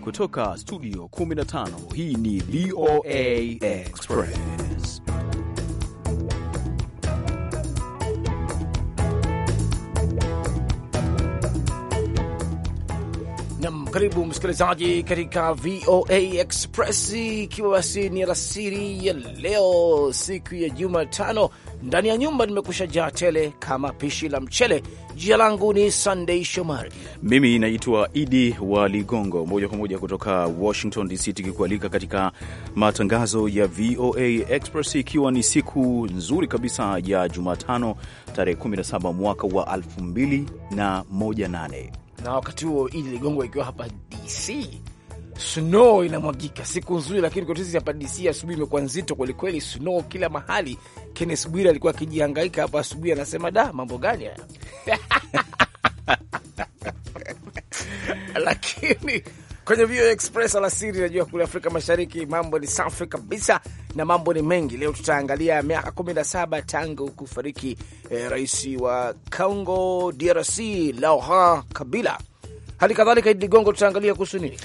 Kutoka studio 15 hii ni VOA Express. Nam, karibu msikilizaji katika VOA Express, ikiwa basi ni alasiri ya leo siku ya Jumatano ndani ya nyumba nimekusha jaa tele kama pishi la mchele. Jina langu ni sandei Shomari, mimi naitwa Idi wa Ligongo, moja kwa moja kutoka Washington DC, tukikualika katika matangazo ya VOA Express, ikiwa ni siku nzuri kabisa ya Jumatano tarehe 17 mwaka wa 2018 na wakati huo Idi Ligongo ikiwa hapa DC snow inamwagika siku nzuri, lakini kotesi hapa DC asubuhi imekuwa nzito kwelikweli, snow kila mahali. Kenneth Bwire alikuwa akijihangaika hapa asubuhi, anasema da, mambo gani haya? lakini kwenye Vio Express alasiri, najua kule Afrika Mashariki mambo ni safi kabisa na mambo ni mengi. Leo tutaangalia miaka 17 tangu kufariki eh, rais wa Congo DRC Laurent Kabila Hali kadhalika Idi Ligongo, tutaangalia kuhusu nini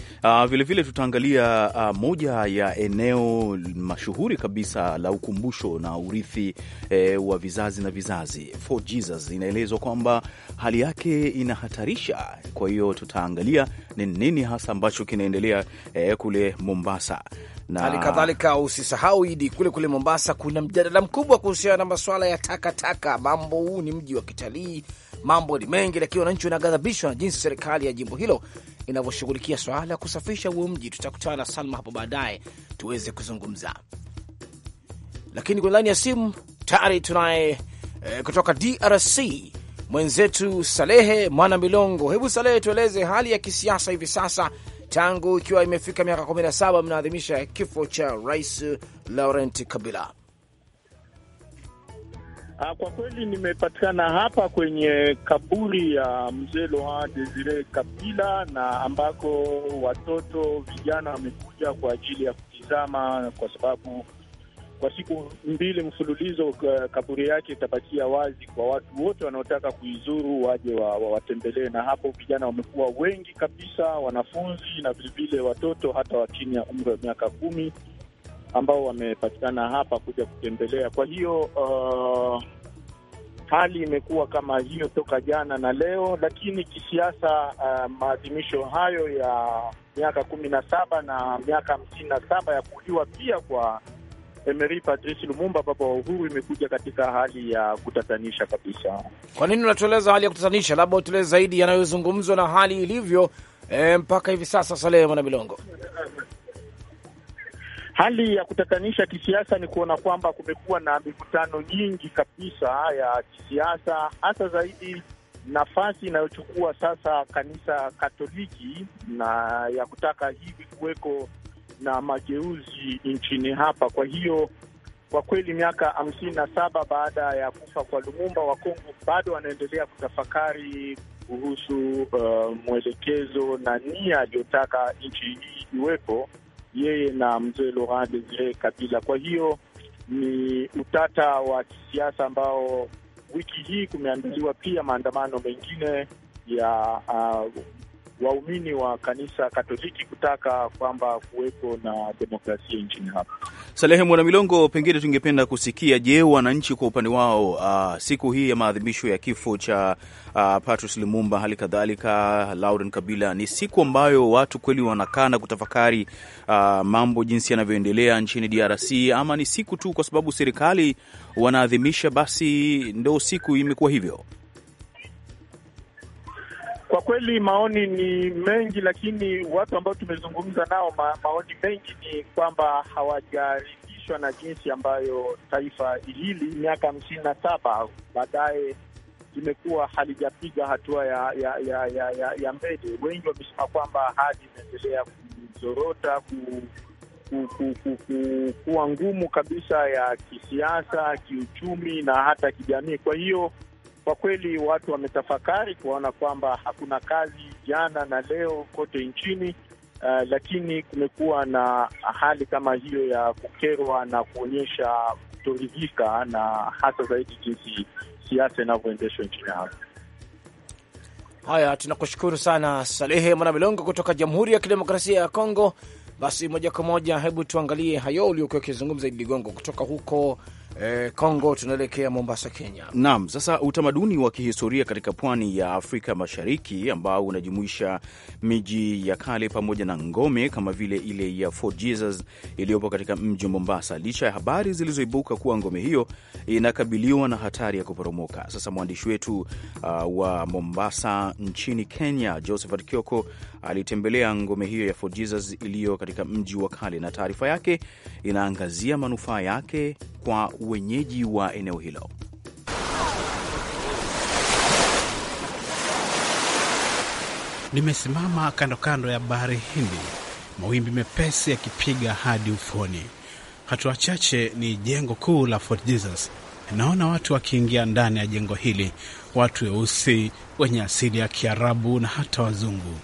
vilevile, ah, tutaangalia uh, moja ya eneo mashuhuri kabisa la ukumbusho na urithi eh, wa vizazi na vizazi. Fort Jesus inaelezwa kwamba hali yake inahatarisha, kwa hiyo tutaangalia ni nini hasa ambacho kinaendelea eh, kule Mombasa na hali kadhalika usisahau Idi, kule kule Mombasa kuna mjadala mkubwa kuhusiana na masuala ya takataka. Mambo huu ni mji wa kitalii, mambo ni mengi, lakini wananchi wanaghadhabishwa na jinsi serikali ya jimbo hilo inavyoshughulikia swala la kusafisha huo mji. Tutakutana na Salma hapo baadaye tuweze kuzungumza, lakini kwenye laini ya simu tayari tunaye eh, kutoka DRC mwenzetu Salehe Mwana Milongo. Hebu Salehe, tueleze hali ya kisiasa hivi sasa tangu ikiwa imefika miaka 17 mnaadhimisha kifo cha Rais Laurent Kabila. Ah, kwa kweli nimepatikana hapa kwenye kaburi ya mzee Laurent Desire Kabila, na ambako watoto vijana wamekuja kwa ajili ya kutizama, kwa sababu kwa siku mbili mfululizo uh, kaburi yake itabakia wazi kwa watu wote wanaotaka kuizuru waje wawatembelee wa Na hapo vijana wamekuwa wengi kabisa, wanafunzi na vilevile watoto hata wa chini ya umri wa miaka kumi ambao wamepatikana hapa kuja kutembelea. Kwa hiyo uh, hali imekuwa kama hiyo toka jana na leo, lakini kisiasa uh, maadhimisho hayo ya miaka kumi na saba na miaka hamsini na saba ya kuuliwa pia kwa Emery Patrice Lumumba, baba wa uhuru, imekuja katika hali ya kutatanisha kabisa. Kwa nini unatueleza hali ya kutatanisha? Labda utueleze zaidi yanayozungumzwa na hali ilivyo, e, mpaka hivi sasa. Salehe Mwana Milongo. Hali ya kutatanisha kisiasa ni kuona kwamba kumekuwa na mikutano nyingi kabisa ya kisiasa, hasa zaidi nafasi inayochukua sasa kanisa Katoliki na ya kutaka hivi kuweko na mageuzi nchini hapa. Kwa hiyo kwa kweli miaka hamsini na saba baada ya kufa kwa Lumumba, wa Kongo bado wanaendelea kutafakari kuhusu uh, mwelekezo na nia aliyotaka nchi hii iwepo yeye na mzee Laurent Desire Kabila. Kwa hiyo ni utata wa kisiasa ambao wiki hii kumeandaliwa pia maandamano mengine ya uh, waumini wa kanisa Katoliki kutaka kwamba kuweko na demokrasia nchini hapa. Salehe Mwana Milongo, pengine tungependa kusikia, je, wananchi kwa upande wao, uh, siku hii ya maadhimisho ya kifo cha uh, Patrice Lumumba, hali kadhalika Laurent Kabila, ni siku ambayo watu kweli wanakaa na kutafakari uh, mambo jinsi yanavyoendelea nchini DRC, ama ni siku tu kwa sababu serikali wanaadhimisha, basi ndo siku imekuwa hivyo? Kwa kweli maoni ni mengi, lakini watu ambao tumezungumza nao ma, maoni mengi ni kwamba hawajaridhishwa na jinsi ambayo taifa hili miaka hamsini na saba baadaye limekuwa halijapiga hatua ya ya ya ya, ya, ya mbele. Wengi wamesema kwamba hali imeendelea kuzorota ku, ku, ku, ku, ku, kuwa ngumu kabisa ya kisiasa, kiuchumi na hata kijamii. Kwa hiyo kwa kweli watu wametafakari kuona kwamba hakuna kazi jana na leo kote nchini. Uh, lakini kumekuwa na hali kama hiyo ya kukerwa na kuonyesha kutoridhika na hasa zaidi jinsi siasa inavyoendeshwa nchini hapa. Haya, tunakushukuru sana Salehe Mwanamilongo kutoka Jamhuri ya Kidemokrasia ya Kongo. Basi moja kwa moja, hebu tuangalie hayo uliokuwa ukizungumza, Idi Ligongo, kutoka huko Kongo eh, e, tunaelekea Mombasa, Kenya. Naam, sasa utamaduni wa kihistoria katika pwani ya Afrika Mashariki ambao unajumuisha miji ya kale pamoja na ngome kama vile ile ya Fort Jesus iliyopo katika mji wa Mombasa, licha ya habari zilizoibuka kuwa ngome hiyo inakabiliwa na hatari ya kuporomoka. Sasa mwandishi wetu uh, wa Mombasa nchini Kenya, Josephat Kioko alitembelea ngome hiyo ya Fort Jesus iliyo katika mji wa kale, na taarifa yake inaangazia manufaa yake kwa wenyeji wa eneo hilo. Nimesimama kando kando ya bahari Hindi, mawimbi mepesi yakipiga hadi ufuoni. Hatua chache ni jengo kuu la Fort Jesus. Naona watu wakiingia ndani ya jengo hili, watu weusi wenye asili ya Kiarabu na hata wazungu.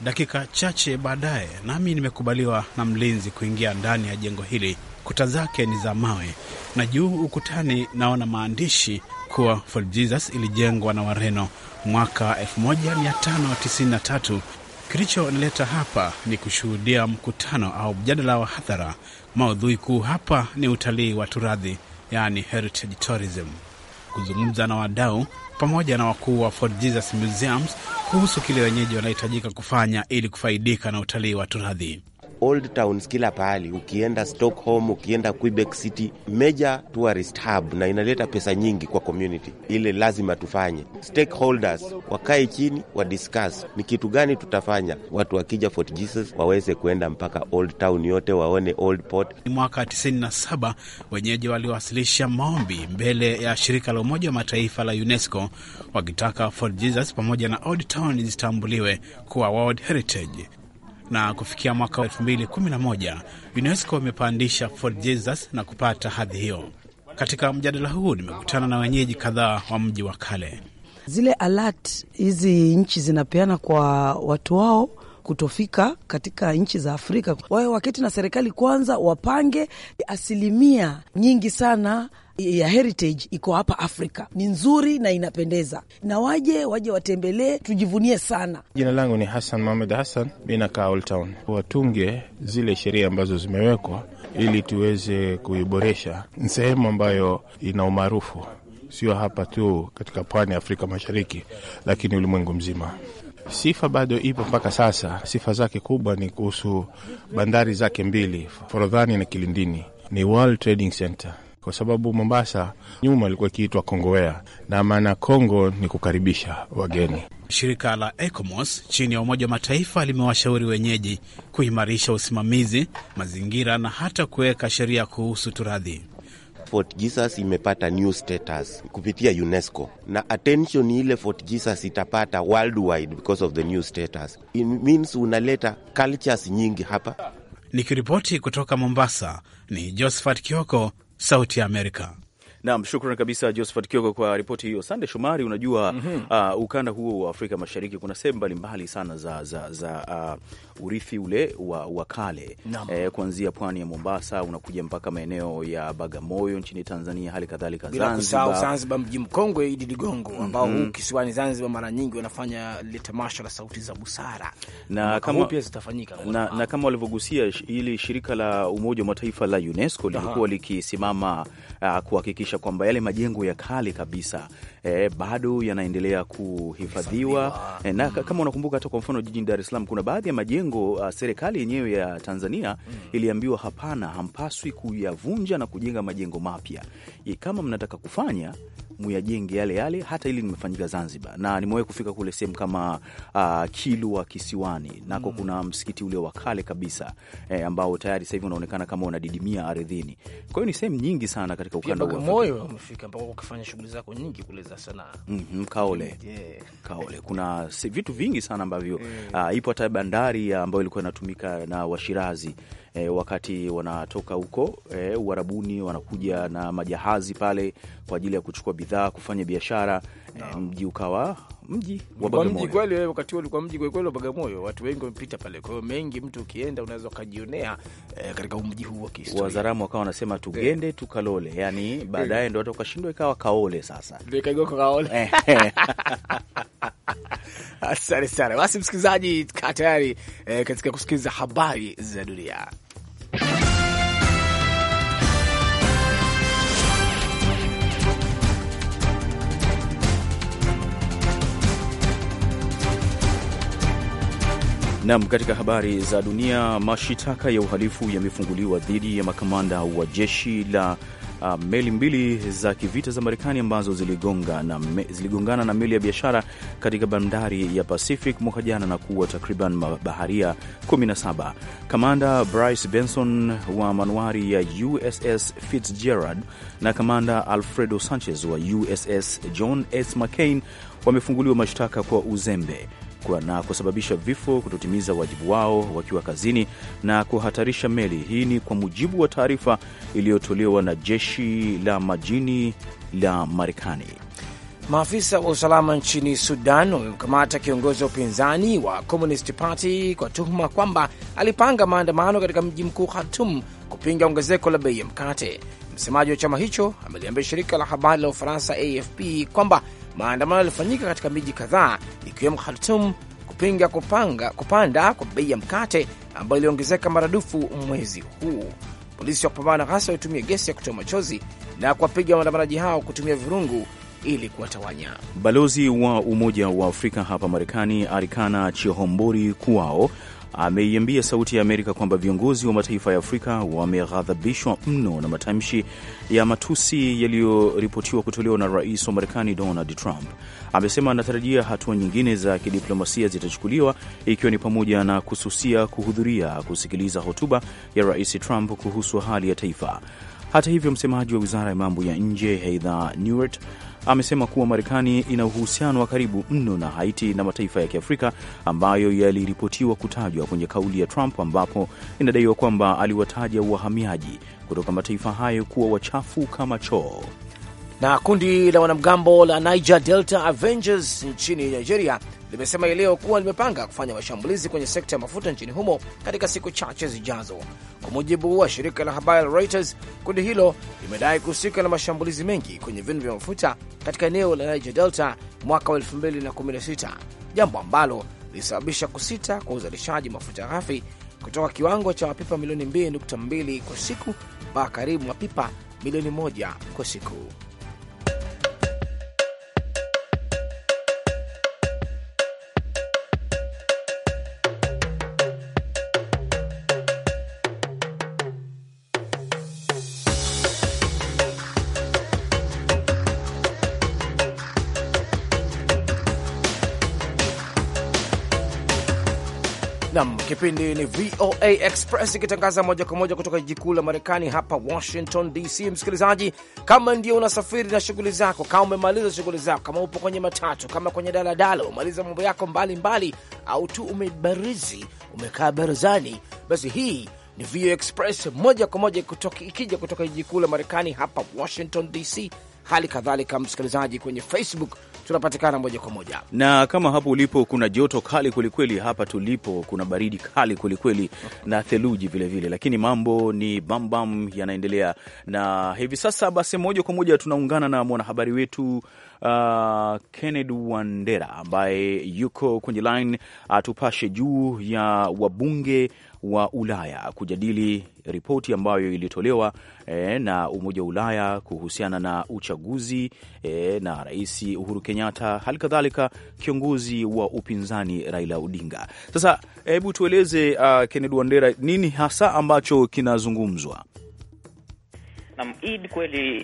Dakika chache baadaye, nami nimekubaliwa na mlinzi kuingia ndani ya jengo hili kuta zake ni za mawe na juu ukutani naona maandishi kuwa Fort Jesus ilijengwa na Wareno mwaka 1593. Kilichonileta hapa ni kushuhudia mkutano au mjadala wa hadhara. Maudhui kuu hapa ni utalii wa turadhi, yani heritage tourism, kuzungumza na wadau pamoja na wakuu wa Fort Jesus Museums kuhusu kile wenyeji wanahitajika kufanya ili kufaidika na utalii wa turadhi old towns kila pahali, ukienda Stockholm, ukienda Quebec City, major tourist hub, na inaleta pesa nyingi kwa community ile. Lazima tufanye stakeholders wakae chini discuss ni kitu gani tutafanya, watu wakija Fort Jesus waweze kuenda mpaka old town yote waone old port. Ni mwaka 97 wenyeji waliowasilisha maombi mbele ya shirika la Umoja wa Mataifa la UNESCO wakitaka Fort Jesus pamoja na old town zitambuliwe kuwa World Heritage na kufikia mwaka wa 2011 UNESCO imepandisha Fort Jesus na kupata hadhi hiyo. Katika mjadala huu nimekutana na wenyeji kadhaa wa mji wa kale. Zile alert hizi nchi zinapeana kwa watu wao kutofika katika nchi za Afrika, wawe waketi na serikali kwanza, wapange asilimia nyingi sana ya heritage iko hapa Afrika, ni nzuri na inapendeza, na waje waje watembelee, tujivunie sana. Jina langu ni Hassan Mohamed Hassan, mi nakaa Old Town. Watunge zile sheria ambazo zimewekwa ili tuweze kuiboresha. Ni sehemu ambayo ina umaarufu, sio hapa tu katika pwani ya Afrika Mashariki, lakini ulimwengu mzima. Sifa bado ipo mpaka sasa. Sifa zake kubwa ni kuhusu bandari zake mbili, Forodhani na Kilindini, ni World Trading Center kwa sababu Mombasa nyuma ilikuwa ikiitwa Kongowea, na maana Kongo ni kukaribisha wageni. Shirika la ECOMOS chini ya Umoja wa Mataifa limewashauri wenyeji kuimarisha usimamizi mazingira na hata kuweka sheria kuhusu turadhi. Fort Jesus imepata new status kupitia UNESCO na attention ile Fort Jesus itapata worldwide because of the new status. It means unaleta cultures nyingi hapa. Nikiripoti kutoka Mombasa ni Josephat Kioko Sauti ya Amerika. Naam, shukran kabisa Josephat Kioko kwa ripoti hiyo. Sande Shomari, unajua mm -hmm. uh, ukanda huo wa Afrika Mashariki kuna sehemu mbalimbali sana za, za, za uh, urithi ule wa, wa kale eh, kuanzia pwani ya Mombasa unakuja mpaka maeneo ya Bagamoyo nchini Tanzania, hali kadhalika Zanzibar, Zanzibar mji mkongwe Idi Ligongo mhm. ambao mm -hmm. huu kisiwani Zanzibar mara nyingi wanafanya lile tamasha la sauti za busara na kama, pia zitafanyika na, na kama walivyogusia ili shirika la Umoja wa Mataifa la UNESCO lilikuwa likisimama uh, kuhakikisha kuhakikisha kwamba yale majengo ya kale kabisa e, bado yanaendelea kuhifadhiwa e, na mm. kama unakumbuka hata kwa mfano jijini Dar es Salaam kuna baadhi ya majengo uh, serikali yenyewe ya Tanzania mm. iliambiwa hapana, hampaswi kuyavunja na kujenga majengo mapya. Kama mnataka kufanya muyajenge yale yale, hata ili limefanyika Zanzibar na nimewahi kufika kule sehemu kama uh, Kilwa Kisiwani nako mm. kuna msikiti ule wa kale kabisa eh, ambao tayari sasa hivi unaonekana kama unadidimia ardhini. Kwa hiyo ni sehemu nyingi sana katika ukanda wa moyo umefika mpaka ukafanya shughuli zako nyingi kule za sanaa mm -hmm, Kaole yeah. Kaole kuna vitu vingi sana ambavyo yeah. uh, ipo hata bandari ah, ambayo ilikuwa inatumika na Washirazi E, wakati wanatoka huko e, Uarabuni wanakuja na majahazi pale kwa ajili ya kuchukua bidhaa bidhaa, kufanya biashara eh, no. mji ukawa mji wa Bagamoyo. Mji Kweli wakati huo ulikuwa mji kweli wa Bagamoyo, watu wengi wamepita pale. Kwa hiyo mengi mtu ukienda unaweza ukajionea eh, katika mji huu wa kihistoria. Wazaramu wakawa wanasema tugende yeah. tukalole, yani baadaye yeah. ndo watu wakashindwa ikawa kaole sasa. Ndio ikageuka kaole. Eh. Asante sana. Basi msikilizaji, kaa tayari eh, katika kusikiliza habari za dunia. Nam, katika habari za dunia, mashitaka ya uhalifu yamefunguliwa dhidi ya makamanda wa jeshi la uh, meli mbili za kivita za Marekani ambazo ziligongana na, me, ziligongana na meli ya biashara katika bandari ya Pacific mwaka jana na kuwa takriban mabaharia 17. Kamanda Bryce Benson wa manuari ya USS Fitzgerald na kamanda Alfredo Sanchez wa USS John S. McCain wamefunguliwa mashtaka kwa uzembe kwa na kusababisha vifo, kutotimiza wajibu wao wakiwa kazini na kuhatarisha meli. Hii ni kwa mujibu wa taarifa iliyotolewa na jeshi la majini la Marekani. Maafisa wa usalama nchini Sudan wamemkamata kiongozi wa upinzani wa Communist Party kwa tuhuma kwamba alipanga maandamano katika mji mkuu Khartum kupinga ongezeko la bei ya mkate. Msemaji wa chama hicho ameliambia shirika la habari la Ufaransa AFP kwamba Maandamano yalifanyika katika miji kadhaa ikiwemo Khartum kupinga kupanga, kupanda kwa bei ya mkate ambayo iliongezeka maradufu mwezi huu. Polisi wa kupambana na ghasia walitumia gesi ya kutoa machozi na kuwapiga waandamanaji hao kutumia virungu ili kuwatawanya. Balozi wa Umoja wa Afrika hapa Marekani, Arikana Chihombori Kuao ameiambia Sauti ya Amerika kwamba viongozi wa mataifa ya Afrika wameghadhabishwa mno na matamshi ya matusi yaliyoripotiwa kutolewa na rais wa Marekani Donald Trump. Amesema anatarajia hatua nyingine za kidiplomasia zitachukuliwa, ikiwa ni pamoja na kususia kuhudhuria kusikiliza hotuba ya rais Trump kuhusu hali ya taifa. Hata hivyo, msemaji wa wizara ya mambo ya nje Heather Nauert amesema kuwa Marekani ina uhusiano wa karibu mno na Haiti na mataifa ya Kiafrika ambayo yaliripotiwa kutajwa kwenye kauli ya Trump, ambapo inadaiwa kwamba aliwataja wahamiaji kutoka mataifa hayo kuwa wachafu kama choo. Na kundi la wanamgambo la Niger Delta Avengers nchini Nigeria limesema hii leo kuwa limepanga kufanya mashambulizi kwenye sekta ya mafuta nchini humo katika siku chache zijazo. Kwa mujibu wa shirika la habari la Reuters, kundi hilo limedai kuhusika na mashambulizi mengi kwenye vinu vya mafuta katika eneo la Niger Delta mwaka wa 2016, jambo ambalo lilisababisha kusita kwa uzalishaji mafuta ghafi kutoka kiwango cha mapipa milioni 2.2 kwa siku mpaka karibu mapipa milioni moja kwa siku. Kipindi ni VOA Express ikitangaza moja kwa moja kutoka jiji kuu la Marekani, hapa Washington DC. Msikilizaji, kama ndio unasafiri na shughuli zako, kama umemaliza shughuli zako, kama upo kwenye matatu, kama kwenye daladala, umemaliza mambo yako mbalimbali, au tu umebarizi, umekaa barazani, basi hii ni VOA Express moja kwa moja ikija kutoka jiji kuu la Marekani, hapa Washington DC. Hali kadhalika msikilizaji, kwenye Facebook tunapatikana moja kwa moja. Na kama hapo ulipo kuna joto kali kwelikweli, hapa tulipo kuna baridi kali kwelikweli na theluji vilevile, lakini mambo ni bambam yanaendelea. Na hivi sasa basi, moja kwa moja tunaungana na mwanahabari wetu Uh, Kennedy Wandera ambaye yuko kwenye line atupashe juu ya wabunge wa Ulaya kujadili ripoti ambayo ilitolewa e, na Umoja wa Ulaya kuhusiana na uchaguzi e, na Rais Uhuru Kenyatta, hali kadhalika kiongozi wa upinzani Raila Odinga. Sasa hebu tueleze, uh, Kennedy Wandera, nini hasa ambacho kinazungumzwa? Naam, Idi, kweli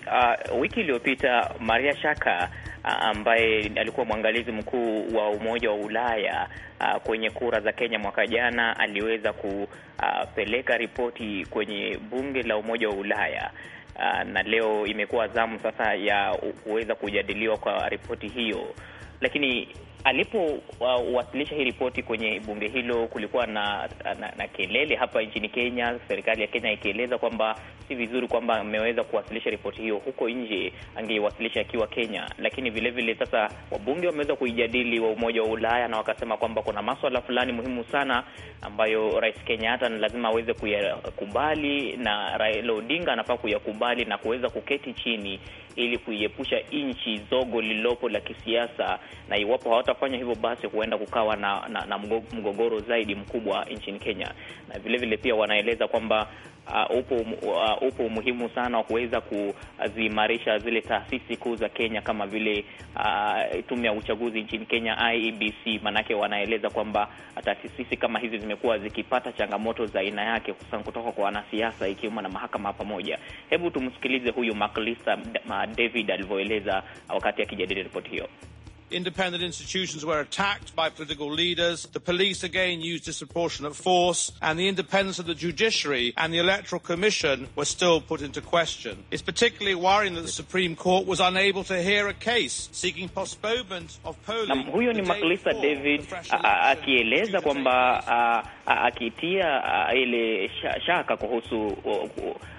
uh, wiki iliyopita Maria Shaka ambaye alikuwa mwangalizi mkuu wa Umoja wa Ulaya a, uh, kwenye kura za Kenya mwaka jana aliweza kupeleka ripoti kwenye bunge la Umoja wa Ulaya. a, uh, na leo imekuwa zamu sasa ya kuweza kujadiliwa kwa ripoti hiyo, lakini alipowasilisha hii ripoti kwenye bunge hilo, kulikuwa na, na, na kelele hapa nchini Kenya, serikali ya Kenya ikieleza kwamba si vizuri kwamba ameweza kuwasilisha ripoti hiyo huko nje, angeiwasilisha akiwa Kenya. Lakini vilevile vile sasa wabunge wameweza kuijadili wa Umoja wa Ulaya na wakasema kwamba kuna maswala fulani muhimu sana ambayo Rais Kenyatta lazima aweze kuyakubali na Raila Odinga anafaa kuyakubali na kuweza kuketi chini ili kuiepusha nchi zogo lililopo la kisiasa, na iwapo hawatafanya hivyo, basi huenda kukawa na, na, na mgogoro zaidi mkubwa nchini Kenya. Na vilevile vile pia wanaeleza kwamba uh, upo, uh, upo umuhimu sana wa kuweza kuziimarisha zile taasisi kuu za Kenya kama vile uh, tume ya uchaguzi nchini Kenya IEBC, maanake wanaeleza kwamba taasisi kama hizi zimekuwa zikipata changamoto za aina yake, hususan kutoka kwa wanasiasa ikiwemo na mahakama pamoja. Hebu tumsikilize huyu Maklisa uh, David alivyoeleza wakati akijadili ripoti hiyo. Independent institutions were attacked by political leaders. The police again used disproportionate force, and the independence of the judiciary and the Electoral Commission were still put into question. It's particularly worrying that the Supreme Court was unable to hear a case seeking postponement of polling. Na huyo ni makalista David akieleza kwamba akitia ile shaka kuhusu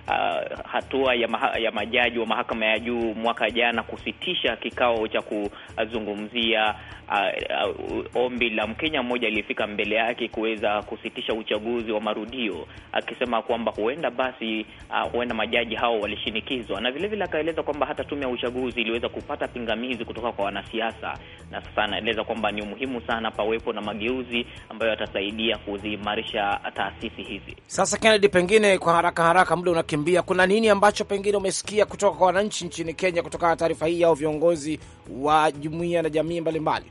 uh, hatua ya, maha, ya majaji wa mahakama ya juu mwaka jana kusitisha kikao cha kuzungumzia uh, uh, ombi la Mkenya mmoja aliyefika mbele yake kuweza kusitisha uchaguzi wa marudio, akisema kwamba huenda basi, uh, huenda majaji hao walishinikizwa, na vilevile akaeleza kwamba hata tume ya uchaguzi iliweza kupata pingamizi kutoka kwa wanasiasa, na sasa anaeleza kwamba ni umuhimu sana pawepo na mageuzi ambayo yatasaidia kuziimarisha taasisi hizi. Sasa Kennedy, pengine kwa haraka haraka, muda unakimbia, kuna nini ambacho pengine umesikia kutoka kwa wananchi nchini Kenya kutokana na taarifa hii au viongozi wa jumuiya na jamii mbalimbali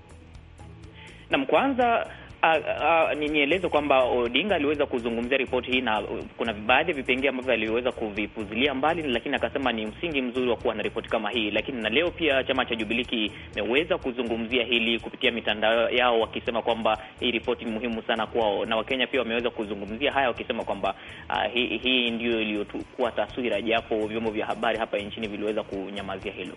Nam, kwanza nieleze kwamba Odinga aliweza kuzungumzia ripoti hii na uh, kuna baadhi ya vipengee ambavyo aliweza kuvipuzilia mbali, lakini akasema ni msingi mzuri wa kuwa na ripoti kama hii. Lakini na leo pia chama cha Jubilee kimeweza kuzungumzia hili kupitia mitandao yao, wakisema kwamba hii ripoti ni muhimu sana kwao, na Wakenya pia wameweza kuzungumzia haya, wakisema kwamba uh, hii hi ndio iliyokuwa taswira, japo vyombo vya habari hapa nchini viliweza kunyamazia hilo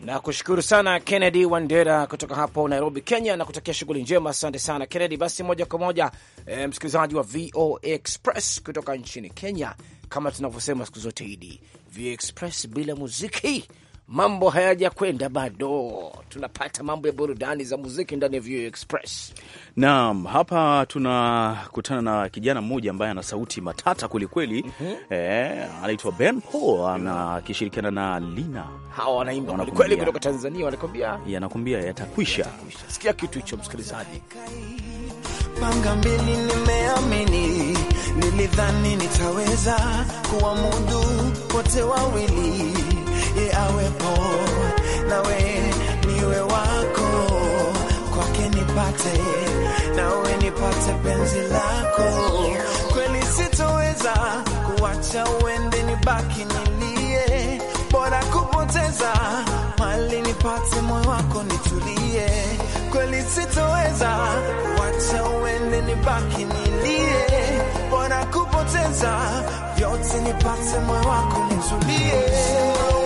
na kushukuru sana Kennedy Wandera kutoka hapo Nairobi, Kenya, na kutakia shughuli njema. Asante sana Kennedy. Basi moja kwa moja e, msikilizaji wa VOA Express kutoka nchini Kenya, kama tunavyosema siku zote, idi VOA Express bila muziki mambo hayaja kwenda bado, tunapata mambo ya burudani za muziki ndani ya View Express. Naam, hapa tunakutana na kijana mmoja ambaye ana sauti matata kwelikweli. mm -hmm. Eh, anaitwa Ben Paul anakishirikiana na Lina, hawa wanaimba kwelikweli kutoka Tanzania, wanakwambia yanakwambia yatakwisha. Yatakwisha. Sikia kitu hicho msikilizaji. Panga mbili nimeamini, nilidhani nitaweza kuwamudu wote wawili ye awepo, nawe niwe wako, kwake nipate, nawe nipate penzi lako. Kweli sitoweza kuwacha uende, nibaki nilie, bora kupoteza mali, nipate moyo wako nitulie. Kweli sitoweza kuwacha uende, nibaki nilie, bora kupoteza vyote, nipate moyo wako nitulie.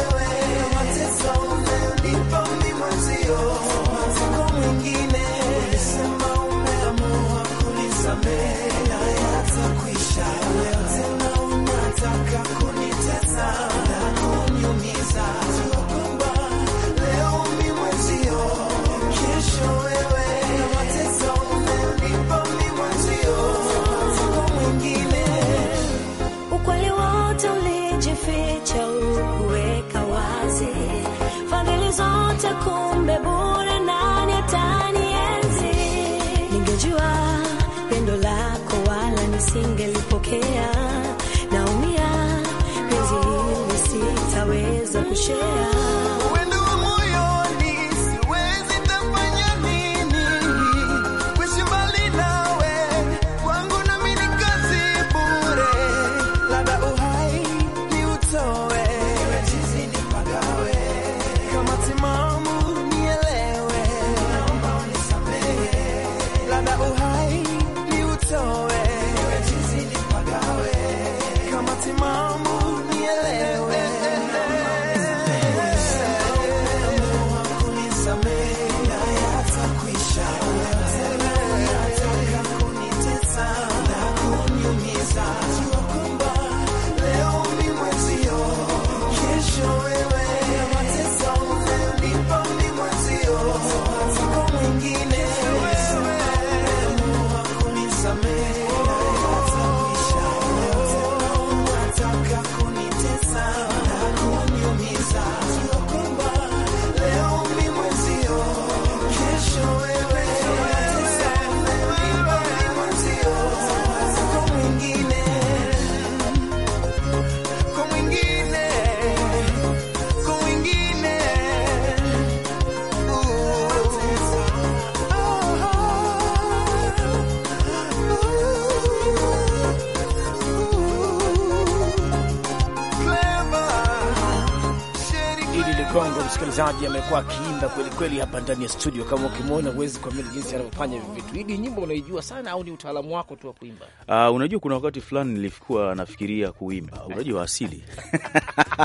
amekuwa akiimba kweli kweli hapa ndani ya studio. Kama ukimwona huwezi kuamini jinsi anavyofanya hivi vitu. Hii nyimbo unaijua sana au ni utaalamu wako tu wa kuimba? Uh, unajua kuna wakati fulani nilikuwa nafikiria kuimba, unajua asili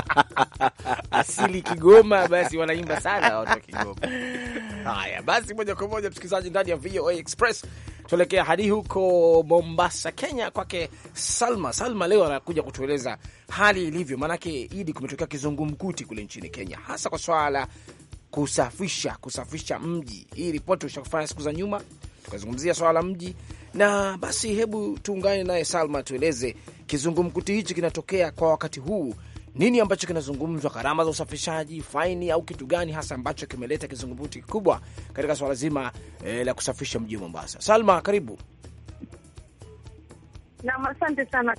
asili Kigoma, basi wanaimba sana watu wa Kigoma. Haya basi, moja kwa moja msikilizaji, ndani ya VOA Express tuelekea hadi huko Mombasa, Kenya, kwake Salma. Salma leo anakuja kutueleza hali ilivyo, maanake Idi kumetokea kizungumkuti kule nchini Kenya, hasa kwa swala kusafisha kusafisha mji. Hii ripoti ushakufanya siku za nyuma, tukazungumzia swala la mji, na basi hebu tuungane naye Salma, tueleze kizungumkuti hichi kinatokea kwa wakati huu, nini ambacho kinazungumzwa, gharama za usafishaji, faini au kitu gani hasa ambacho kimeleta kizungumkuti kikubwa katika swala zima eh, la kusafisha mji wa Mombasa? Salma, karibu. Naam, asante sana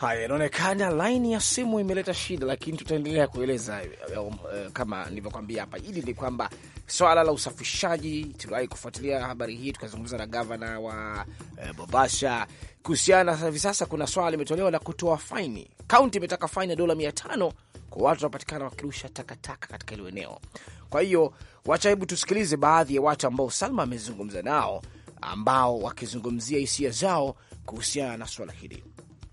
Haya, inaonekana laini ya simu imeleta shida, lakini tutaendelea kueleza eh, um, eh, kama nilivyokwambia hapa. hili ni kwamba swala la usafishaji, tuliwahi kufuatilia habari hii, tukazungumza na gavana wa uh, eh, Bobasha kuhusiana. Hivi sasa kuna swala limetolewa la kutoa faini, kaunti imetaka faini ya dola mia tano kwa watu wanapatikana wakirusha takataka katika hilo eneo. Kwa hiyo wacha, hebu tusikilize baadhi ya watu ambao Salma amezungumza nao, ambao wakizungumzia hisia zao kuhusiana na swala hili.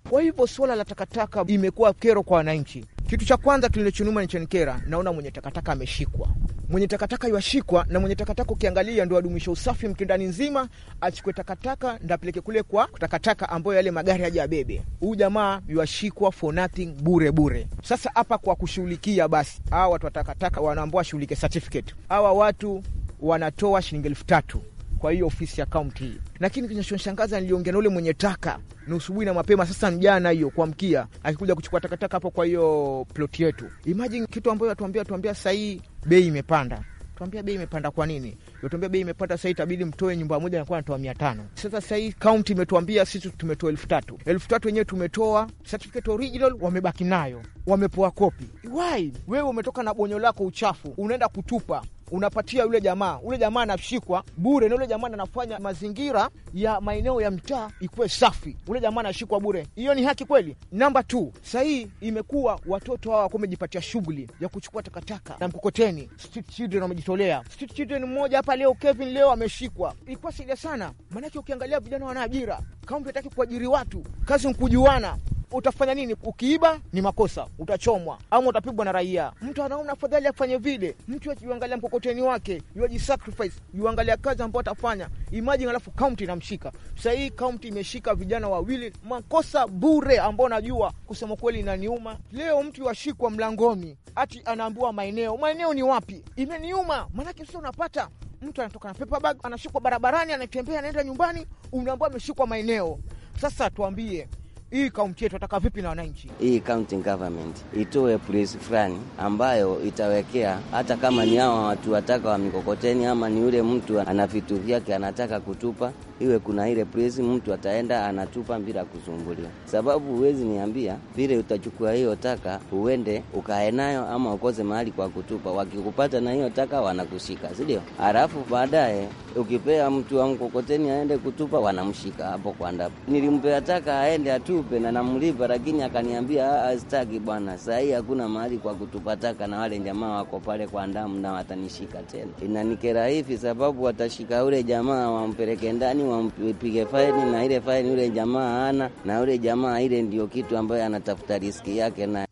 Kwa hivyo suala la takataka imekuwa kero kwa wananchi. Kitu cha kwanza kilichoniuma ni chenkera, naona mwenye takataka ameshikwa, mwenye takataka yuashikwa, na mwenye takataka ukiangalia ndo adumisha usafi mtindani nzima, achukue takataka ndapeleke kule kwa takataka ambayo yale magari haja abebe. Huyu jamaa yuashikwa for nothing, bure bure. Sasa hapa kwa kushughulikia, basi hawa watu wa takataka wanaambua washughulike certificate. Hawa watu wanatoa shilingi elfu tatu kwa hiyo ofisi ya kaunti. hii. Lakini kinachoshangaza niliongea na ule mwenye taka ni usubuhi na mapema, sasa mjana hiyo kuamkia, akikuja kuchukua takataka hapo kwa hiyo ploti yetu. Imagine kitu ambayo atuambia tuambia, sahii bei imepanda Tuambia bei imepanda kwa nini? Tuambia bei imepanda sasa, itabidi mtoe nyumba moja nakuwa natoa mia tano. Sasa sasa hii kaunti imetuambia sisi tumetoa elfu tatu elfu tatu wenyewe tumetoa certificate original, wamebaki nayo, wamepoa kopi. Why? Wewe umetoka na bonyo lako uchafu unaenda kutupa unapatia yule jamaa, ule jamaa anashikwa bure, na ule jamaa anafanya mazingira ya maeneo ya mtaa ikuwe safi, ule jamaa anashikwa bure. Hiyo ni haki kweli? Namba tu, sahii imekuwa watoto hawa wamejipatia shughuli ya kuchukua takataka na mkokoteni, street children wamejitolea. Street children mmoja hapa leo, Kevin leo ameshikwa, ilikuwa saidia sana, maanake ukiangalia vijana wana ajira, kaunti hataki kuajiri watu, kazi nkujuana utafanya nini? Ukiiba ni makosa, utachomwa ama utapigwa na raia. Mtu anaona afadhali afanye vile, mtu yuangalia mkokoteni wake, yuajisacrifice, yuangalia kazi ambayo atafanya. Imagine alafu kaunti inamshika sasa. Hii kaunti imeshika vijana wawili, makosa bure, ambao najua kusema kweli inaniuma. Leo mtu yuashikwa mlangoni, ati anaambiwa maeneo, maeneo ni wapi? Imeniuma maanake, sio unapata mtu anatoka na paper bag, anashikwa barabarani, anatembea, anaenda nyumbani, unaambiwa ameshikwa maeneo. Sasa tuambie hii kaunti yetu ataka vipi na wananchi. Hii county government itoe polisi fulani ambayo itawekea, hata kama ni hawa watu wataka wa mikokoteni, ama ni yule mtu ana vitu vyake anataka kutupa, iwe kuna ile presi, mtu ataenda anatupa bila kusumbuliwa, sababu huwezi niambia vile utachukua hiyo taka uende ukae nayo ama ukoze mahali kwa kutupa. Wakikupata na hiyo taka wanakushika, si ndio? Halafu baadaye ukipea mtu wa mkokoteni aende kutupa, wanamshika hapo kwa ndapo. Nilimpea taka aende atupe na namlipa, lakini akaniambia astaki ah, ah, bwana, sahii hakuna mahali kwa kutupa taka na wale jamaa wako pale kwa ndamu na watanishika tena. Inanikera hivi, sababu watashika ule jamaa wampeleke ndani wampige faini, na ile faini yule jamaa ana na yule jamaa, ile ndio kitu ambayo anatafuta riski yake na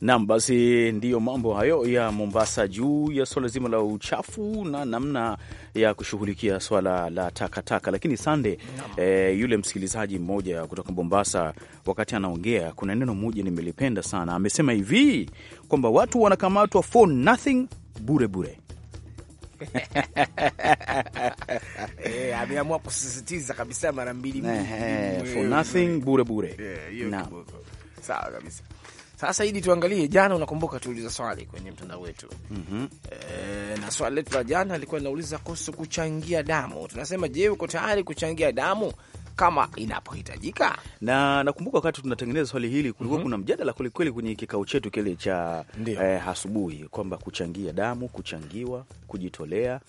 Nam, basi ndiyo mambo hayo ya Mombasa juu ya swala zima la uchafu na namna ya kushughulikia swala la takataka taka. Lakini sande e, yule msikilizaji mmoja kutoka Mombasa, wakati anaongea, kuna neno moja nimelipenda sana. Amesema hivi kwamba watu wanakamatwa for nothing, bure bure. Eh, ameamua kusisitiza kabisa mara mbili eh, eh, for nothing bure bure. Sawa kabisa. Sasa hidi tuangalie, jana unakumbuka, tuuliza swali kwenye mtandao wetu mm -hmm. E, na swali letu la jana alikuwa linauliza kuhusu kuchangia damu. Tunasema, je, uko tayari kuchangia damu kama inapohitajika. Na nakumbuka wakati tunatengeneza swali hili kulikuwa mm -hmm. kuna mjadala kwelikweli kwenye kikao chetu kile cha eh, asubuhi kwamba kuchangia damu, kuchangiwa, kujitolea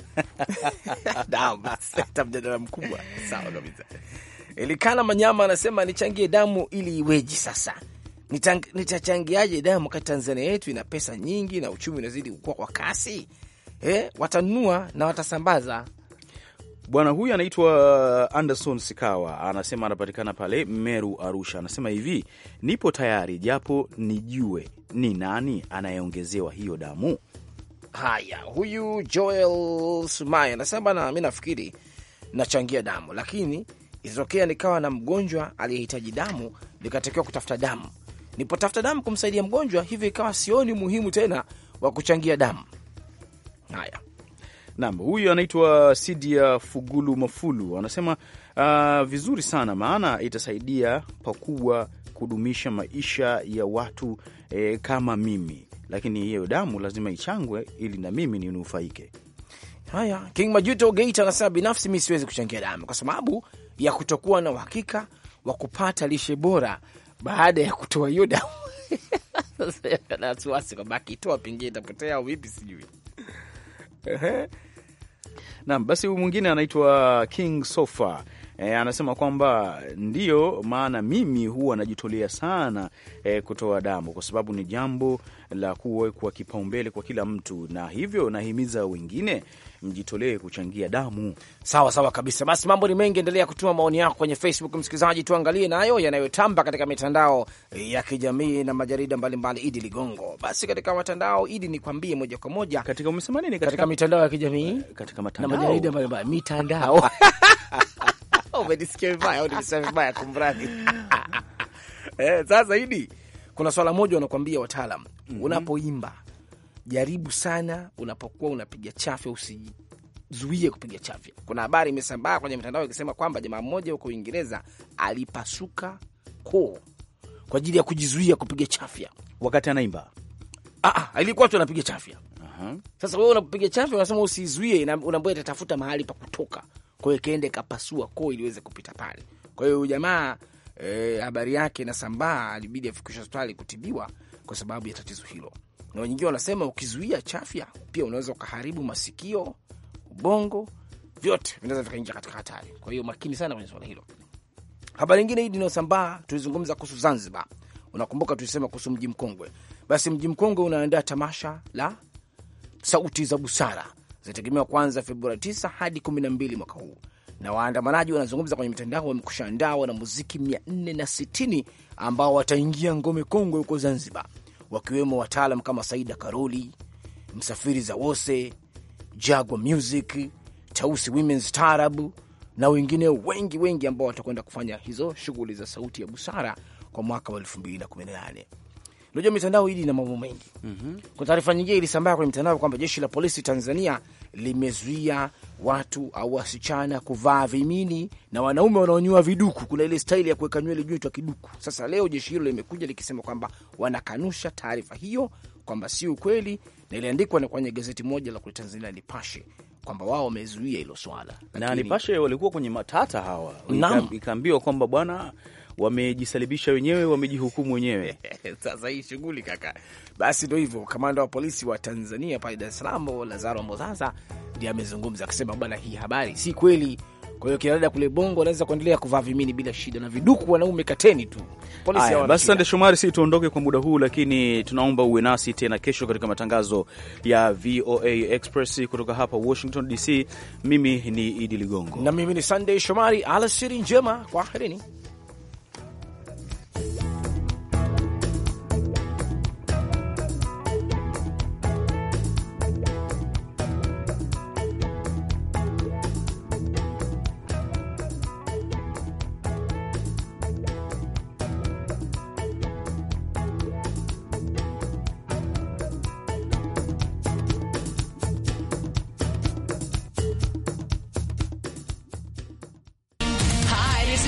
mjadala mkubwa. Sawa kabisa. Elikana Manyama anasema nichangie damu ili iweje sasa nitachangiaje damu wakati Tanzania yetu ina pesa nyingi na uchumi unazidi kukua kwa kasi eh? Watanunua na watasambaza Bwana huyu anaitwa Anderson Sikawa, anasema anapatikana pale Meru, Arusha. Anasema hivi, nipo tayari japo nijue ni nani anayeongezewa hiyo damu. Haya, huyu Joel Sumai anasema na mi nafikiri nachangia damu, lakini ilitokea nikawa na mgonjwa aliyehitaji damu, nikatakiwa kutafuta damu. Nipotafuta damu kumsaidia mgonjwa, hivyo ikawa sioni muhimu tena wa kuchangia damu. Haya, Naam, huyu anaitwa Sidia Fugulu Mafulu anasema uh, vizuri sana maana itasaidia pakubwa kudumisha maisha ya watu eh, kama mimi, lakini hiyo damu lazima ichangwe ili na mimi ninufaike. Haya, King Majuto Geita anasema binafsi mi siwezi kuchangia damu kwa sababu ya kutokuwa na uhakika wa kupata lishe bora baada ya kutoa hiyo damu. Ana wasiwasi kwamba akitoa pengine itapotea au vipi, sijui Naam, basi huyu mwingine anaitwa King Sofa E, anasema kwamba ndiyo maana mimi huwa najitolea sana e, kutoa damu kwa sababu ni jambo la kuwekwa kipaumbele kwa kila mtu, na hivyo nahimiza wengine mjitolee kuchangia damu. Sawa sawa kabisa. Basi mambo ni mengi, endelea kutuma maoni yako kwenye Facebook msikilizaji, tuangalie nayo yanayotamba katika mitandao ya kijamii na majarida mbalimbali. Idi Ligongo, basi katika matandao Idi, nikwambie moja kwa moja katika, umesema nini, katika katika mitandao ya kijamii katika na majarida mbalimbali mitandao umenisikia vibaya au nimesema vibaya? Kumradi. Eh, sasa hidi kuna swala moja wanakuambia wataalam, mm -hmm. Unapoimba jaribu sana, unapokuwa unapiga chafya usizuie kupiga chafya. Kuna habari imesambaa kwenye mitandao ikisema kwamba jamaa mmoja huko Uingereza alipasuka koo kwa ajili ya kujizuia kupiga chafya wakati anaimba. Ah, alikuwa ah, tu anapiga chafya. Uh -huh. Sasa wewe unapiga chafya, unasema usizuie, unaambia itatafuta mahali pa kutoka kwa hiyo ikaenda ikapasua koo iliweze kupita pale. Kwa hiyo jamaa habari eh, e, habari yake inasambaa, alibidi afikishwe hospitali kutibiwa kwa sababu ya tatizo hilo. Na wengine wanasema ukizuia chafya pia unaweza ukaharibu masikio, ubongo, vyote vinaweza vikaingia katika hatari. Kwa hiyo makini sana kwenye swala hilo. Habari nyingine hii inayosambaa, tulizungumza kuhusu Zanzibar. Unakumbuka tulisema kuhusu mji mkongwe? Basi mji mkongwe unaandaa tamasha la sauti za busara zinategemewa kwanza Februari 9 hadi 12 mwaka huu, na waandamanaji wanazungumza kwenye mitandao wamekushaandaa muziki 460 ambao wataingia ngome kongwe huko Zanzibar, wakiwemo wataalam kama Saida Karoli, Msafiri Zawose, Jagwa Music, Tausi Women's tarab na wengine wengi wengi ambao watakwenda kufanya hizo shughuli za Sauti ya Busara kwa mwaka wa 2018. Unajua mitandao hii ina mambo mengi mm -hmm. Kuna taarifa nyingine ilisambaa kwenye mitandao kwamba jeshi la polisi Tanzania limezuia watu au wasichana kuvaa vimini na wanaume wanaonyoa viduku. Kuna ile staili ya kuweka nywele juu ya kiduku. Sasa leo jeshi hilo limekuja likisema kwamba wanakanusha taarifa hiyo kwamba si ukweli, na iliandikwa na kwenye gazeti moja la kule Tanzania Nipashe kwamba wao wamezuia hilo swala, na Nipashe walikuwa kwenye matata hawa, ikaambiwa kwamba bwana wamejisalibisha wenyewe, wamejihukumu wenyewe. Sasa hii shughuli kaka, basi ndo hivyo. Kamanda wa polisi wa Tanzania pale Dar es Salaam, Lazaro Mosasa, ndiye amezungumza akisema, bwana, hii habari si kweli. Kwa hiyo kina dada kule Bongo wanaweza kuendelea kuvaa vimini bila shida, na viduku wanaume kateni tu. Basi sande Shomari, si tuondoke kwa muda huu, lakini tunaomba uwe nasi tena kesho katika matangazo ya VOA Express kutoka hapa Washington DC. Mimi ni Idi Ligongo na mimi ni Sandey Shomari. Alasiri njema, kwaherini.